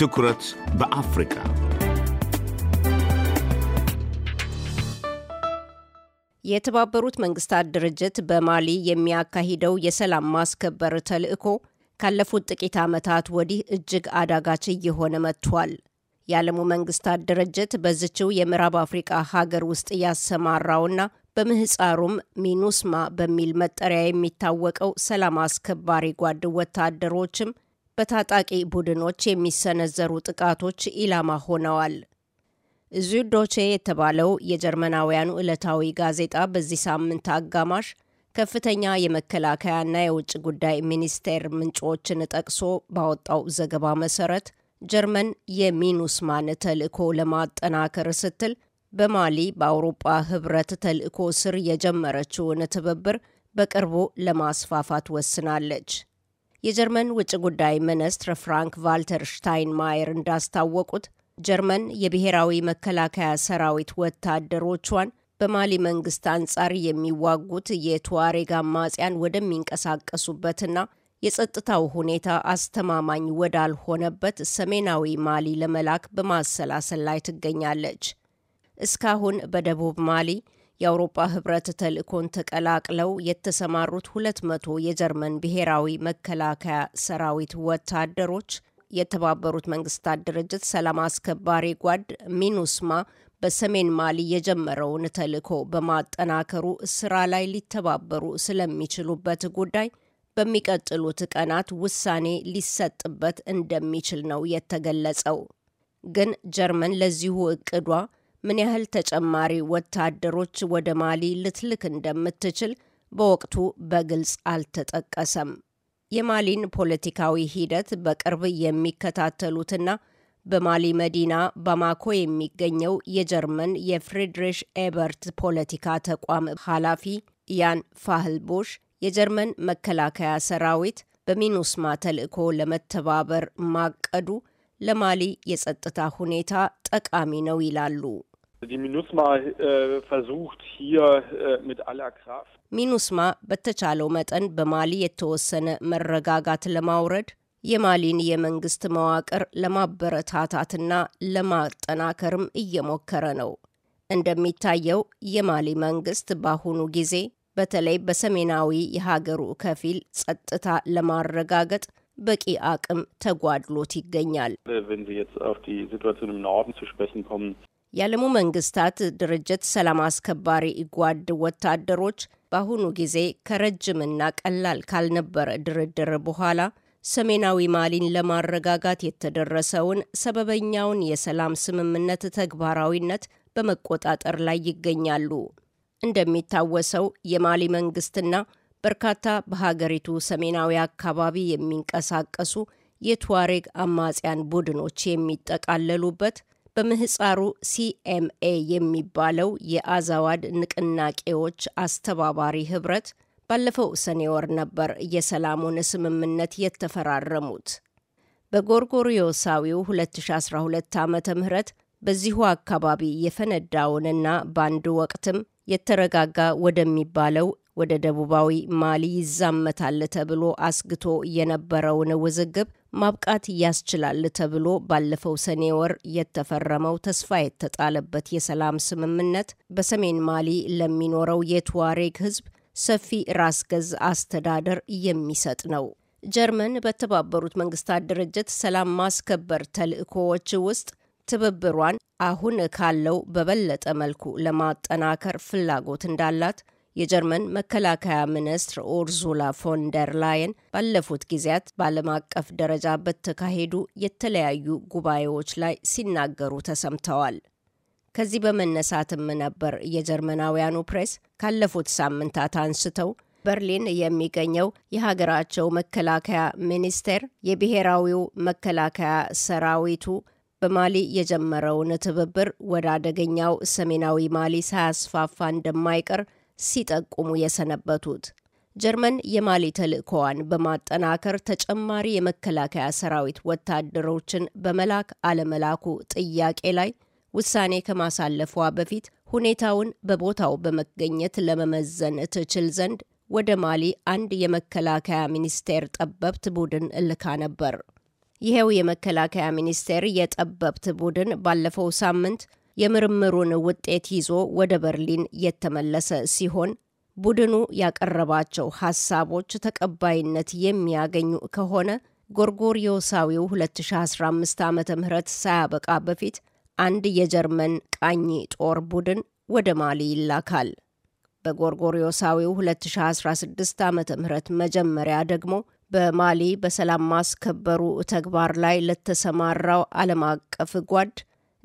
ትኩረት በአፍሪካ የተባበሩት መንግስታት ድርጅት በማሊ የሚያካሂደው የሰላም ማስከበር ተልዕኮ ካለፉት ጥቂት ዓመታት ወዲህ እጅግ አዳጋች እየሆነ መጥቷል። የዓለሙ መንግስታት ድርጅት በዝችው የምዕራብ አፍሪቃ ሀገር ውስጥ ያሰማራውና በምህፃሩም ሚኑስማ በሚል መጠሪያ የሚታወቀው ሰላም አስከባሪ ጓድ ወታደሮችም በታጣቂ ቡድኖች የሚሰነዘሩ ጥቃቶች ኢላማ ሆነዋል። ዙዶቼ የተባለው የጀርመናውያኑ ዕለታዊ ጋዜጣ በዚህ ሳምንት አጋማሽ ከፍተኛ የመከላከያና የውጭ ጉዳይ ሚኒስቴር ምንጮችን ጠቅሶ ባወጣው ዘገባ መሰረት ጀርመን የሚኑስማን ተልዕኮ ለማጠናከር ስትል በማሊ በአውሮጳ ህብረት ተልእኮ ስር የጀመረችውን ትብብር በቅርቡ ለማስፋፋት ወስናለች። የጀርመን ውጭ ጉዳይ ሚኒስትር ፍራንክ ቫልተር ሽታይንማየር እንዳስታወቁት ጀርመን የብሔራዊ መከላከያ ሰራዊት ወታደሮቿን በማሊ መንግስት አንጻር የሚዋጉት የቱዋሬግ አማጽያን ወደሚንቀሳቀሱበትና የጸጥታው ሁኔታ አስተማማኝ ወዳልሆነበት ሰሜናዊ ማሊ ለመላክ በማሰላሰል ላይ ትገኛለች። እስካሁን በደቡብ ማሊ የአውሮፓ ህብረት ተልእኮን ተቀላቅለው የተሰማሩት 200 የጀርመን ብሔራዊ መከላከያ ሰራዊት ወታደሮች የተባበሩት መንግስታት ድርጅት ሰላም አስከባሪ ጓድ ሚኑስማ በሰሜን ማሊ የጀመረውን ተልእኮ በማጠናከሩ ስራ ላይ ሊተባበሩ ስለሚችሉበት ጉዳይ በሚቀጥሉት ቀናት ውሳኔ ሊሰጥበት እንደሚችል ነው የተገለጸው። ግን ጀርመን ለዚሁ እቅዷ ምን ያህል ተጨማሪ ወታደሮች ወደ ማሊ ልትልክ እንደምትችል በወቅቱ በግልጽ አልተጠቀሰም። የማሊን ፖለቲካዊ ሂደት በቅርብ የሚከታተሉትና በማሊ መዲና ባማኮ የሚገኘው የጀርመን የፍሬድሪሽ ኤበርት ፖለቲካ ተቋም ኃላፊ ያን ፋህልቦሽ የጀርመን መከላከያ ሰራዊት በሚኑስማ ተልዕኮ ለመተባበር ማቀዱ ለማሊ የጸጥታ ሁኔታ ጠቃሚ ነው ይላሉ። ሚኑስማ ሚኑስማ äh, äh, በተቻለው መጠን በማሊ የተወሰነ መረጋጋት ለማውረድ የማሊን የመንግስት መዋቅር ለማበረታታትና ለማጠናከርም እየሞከረ ነው። እንደሚታየው የማሊ መንግስት በአሁኑ ጊዜ በተለይ በሰሜናዊ የሀገሩ ከፊል ጸጥታ ለማረጋገጥ በቂ አቅም ተጓድሎት ይገኛል። የዓለሙ መንግስታት ድርጅት ሰላም አስከባሪ ጓድ ወታደሮች በአሁኑ ጊዜ ከረጅምና ቀላል ካልነበረ ድርድር በኋላ ሰሜናዊ ማሊን ለማረጋጋት የተደረሰውን ሰበበኛውን የሰላም ስምምነት ተግባራዊነት በመቆጣጠር ላይ ይገኛሉ። እንደሚታወሰው የማሊ መንግስትና በርካታ በሀገሪቱ ሰሜናዊ አካባቢ የሚንቀሳቀሱ የቱዋሬግ አማጽያን ቡድኖች የሚጠቃለሉበት በምህፃሩ ሲኤምኤ የሚባለው የአዛዋድ ንቅናቄዎች አስተባባሪ ህብረት ባለፈው ሰኔ ወር ነበር የሰላሙን ስምምነት የተፈራረሙት። በጎርጎሪዮሳዊው 2012 ዓ ም በዚሁ አካባቢ የፈነዳውንና በአንድ ወቅትም የተረጋጋ ወደሚባለው ወደ ደቡባዊ ማሊ ይዛመታል ተብሎ አስግቶ የነበረውን ውዝግብ ማብቃት ያስችላል ተብሎ ባለፈው ሰኔ ወር የተፈረመው ተስፋ የተጣለበት የሰላም ስምምነት በሰሜን ማሊ ለሚኖረው የቱዋሬግ ሕዝብ ሰፊ ራስ ገዝ አስተዳደር የሚሰጥ ነው። ጀርመን በተባበሩት መንግስታት ድርጅት ሰላም ማስከበር ተልዕኮዎች ውስጥ ትብብሯን አሁን ካለው በበለጠ መልኩ ለማጠናከር ፍላጎት እንዳላት የጀርመን መከላከያ ሚኒስትር ኡርዙላ ፎንደር ላይን ባለፉት ጊዜያት በዓለም አቀፍ ደረጃ በተካሄዱ የተለያዩ ጉባኤዎች ላይ ሲናገሩ ተሰምተዋል። ከዚህ በመነሳትም ነበር የጀርመናውያኑ ፕሬስ ካለፉት ሳምንታት አንስተው በርሊን የሚገኘው የሀገራቸው መከላከያ ሚኒስቴር የብሔራዊው መከላከያ ሰራዊቱ በማሊ የጀመረውን ትብብር ወደ አደገኛው ሰሜናዊ ማሊ ሳያስፋፋ እንደማይቀር ሲጠቁሙ የሰነበቱት። ጀርመን የማሊ ተልእኮዋን በማጠናከር ተጨማሪ የመከላከያ ሰራዊት ወታደሮችን በመላክ አለመላኩ ጥያቄ ላይ ውሳኔ ከማሳለፏ በፊት ሁኔታውን በቦታው በመገኘት ለመመዘን ትችል ዘንድ ወደ ማሊ አንድ የመከላከያ ሚኒስቴር ጠበብት ቡድን እልካ ነበር። ይኸው የመከላከያ ሚኒስቴር የጠበብት ቡድን ባለፈው ሳምንት የምርምሩን ውጤት ይዞ ወደ በርሊን የተመለሰ ሲሆን ቡድኑ ያቀረባቸው ሀሳቦች ተቀባይነት የሚያገኙ ከሆነ ጎርጎሪዮሳዊው 2015 ዓ ም ሳያበቃ በፊት አንድ የጀርመን ቃኝ ጦር ቡድን ወደ ማሊ ይላካል። በጎርጎሪዮሳዊው 2016 ዓ ም መጀመሪያ ደግሞ በማሊ በሰላም ማስከበሩ ተግባር ላይ ለተሰማራው ዓለም አቀፍ ጓድ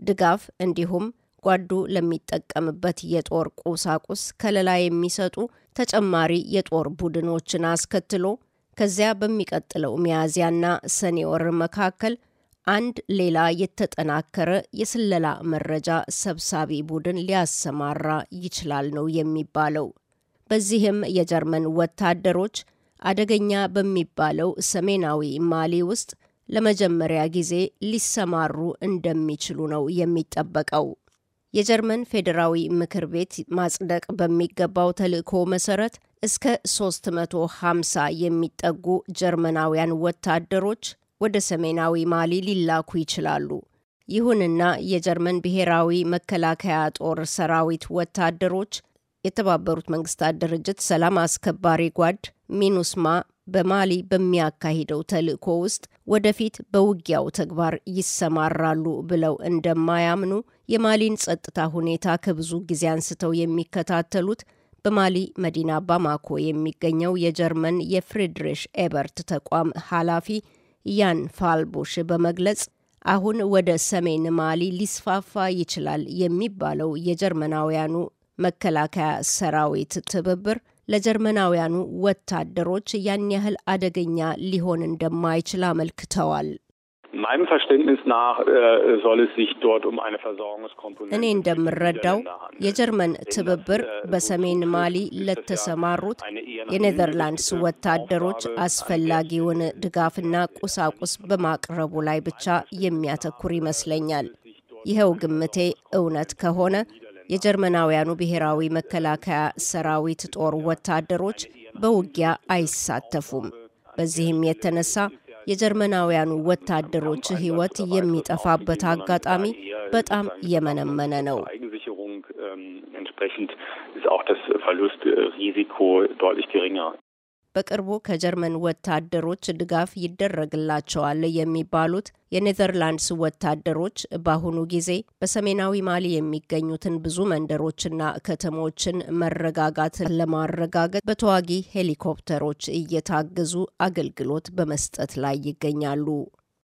ድጋፍ እንዲሁም ጓዱ ለሚጠቀምበት የጦር ቁሳቁስ ከለላ የሚሰጡ ተጨማሪ የጦር ቡድኖችን አስከትሎ ከዚያ በሚቀጥለው ሚያዝያና ሰኔ ወር መካከል አንድ ሌላ የተጠናከረ የስለላ መረጃ ሰብሳቢ ቡድን ሊያሰማራ ይችላል ነው የሚባለው። በዚህም የጀርመን ወታደሮች አደገኛ በሚባለው ሰሜናዊ ማሊ ውስጥ ለመጀመሪያ ጊዜ ሊሰማሩ እንደሚችሉ ነው የሚጠበቀው። የጀርመን ፌዴራዊ ምክር ቤት ማጽደቅ በሚገባው ተልዕኮ መሰረት እስከ 350 የሚጠጉ ጀርመናውያን ወታደሮች ወደ ሰሜናዊ ማሊ ሊላኩ ይችላሉ። ይሁንና የጀርመን ብሔራዊ መከላከያ ጦር ሰራዊት ወታደሮች የተባበሩት መንግስታት ድርጅት ሰላም አስከባሪ ጓድ ሚኑስማ በማሊ በሚያካሂደው ተልእኮ ውስጥ ወደፊት በውጊያው ተግባር ይሰማራሉ ብለው እንደማያምኑ የማሊን ጸጥታ ሁኔታ ከብዙ ጊዜ አንስተው የሚከታተሉት በማሊ መዲና ባማኮ የሚገኘው የጀርመን የፍሪድሪሽ ኤበርት ተቋም ኃላፊ ያን ፋልቦሽ በመግለጽ አሁን ወደ ሰሜን ማሊ ሊስፋፋ ይችላል የሚባለው የጀርመናውያኑ መከላከያ ሰራዊት ትብብር ለጀርመናውያኑ ወታደሮች ያን ያህል አደገኛ ሊሆን እንደማይችል አመልክተዋል። äh, um እኔ እንደምረዳው የጀርመን äh, ትብብር በሰሜን äh, ማሊ ለተሰማሩት የኔዘርላንድስ ወታደሮች አስፈላጊውን ድጋፍና ቁሳቁስ በማቅረቡ ላይ ብቻ የሚያተኩር ይመስለኛል። ይኸው um ግምቴ እውነት ከሆነ የጀርመናውያኑ ብሔራዊ መከላከያ ሰራዊት ጦር ወታደሮች በውጊያ አይሳተፉም። በዚህም የተነሳ የጀርመናውያኑ ወታደሮች ሕይወት የሚጠፋበት አጋጣሚ በጣም የመነመነ ነው። በቅርቡ ከጀርመን ወታደሮች ድጋፍ ይደረግላቸዋል የሚባሉት የኔዘርላንድስ ወታደሮች በአሁኑ ጊዜ በሰሜናዊ ማሊ የሚገኙትን ብዙ መንደሮችና ከተሞችን መረጋጋት ለማረጋገጥ በተዋጊ ሄሊኮፕተሮች እየታገዙ አገልግሎት በመስጠት ላይ ይገኛሉ።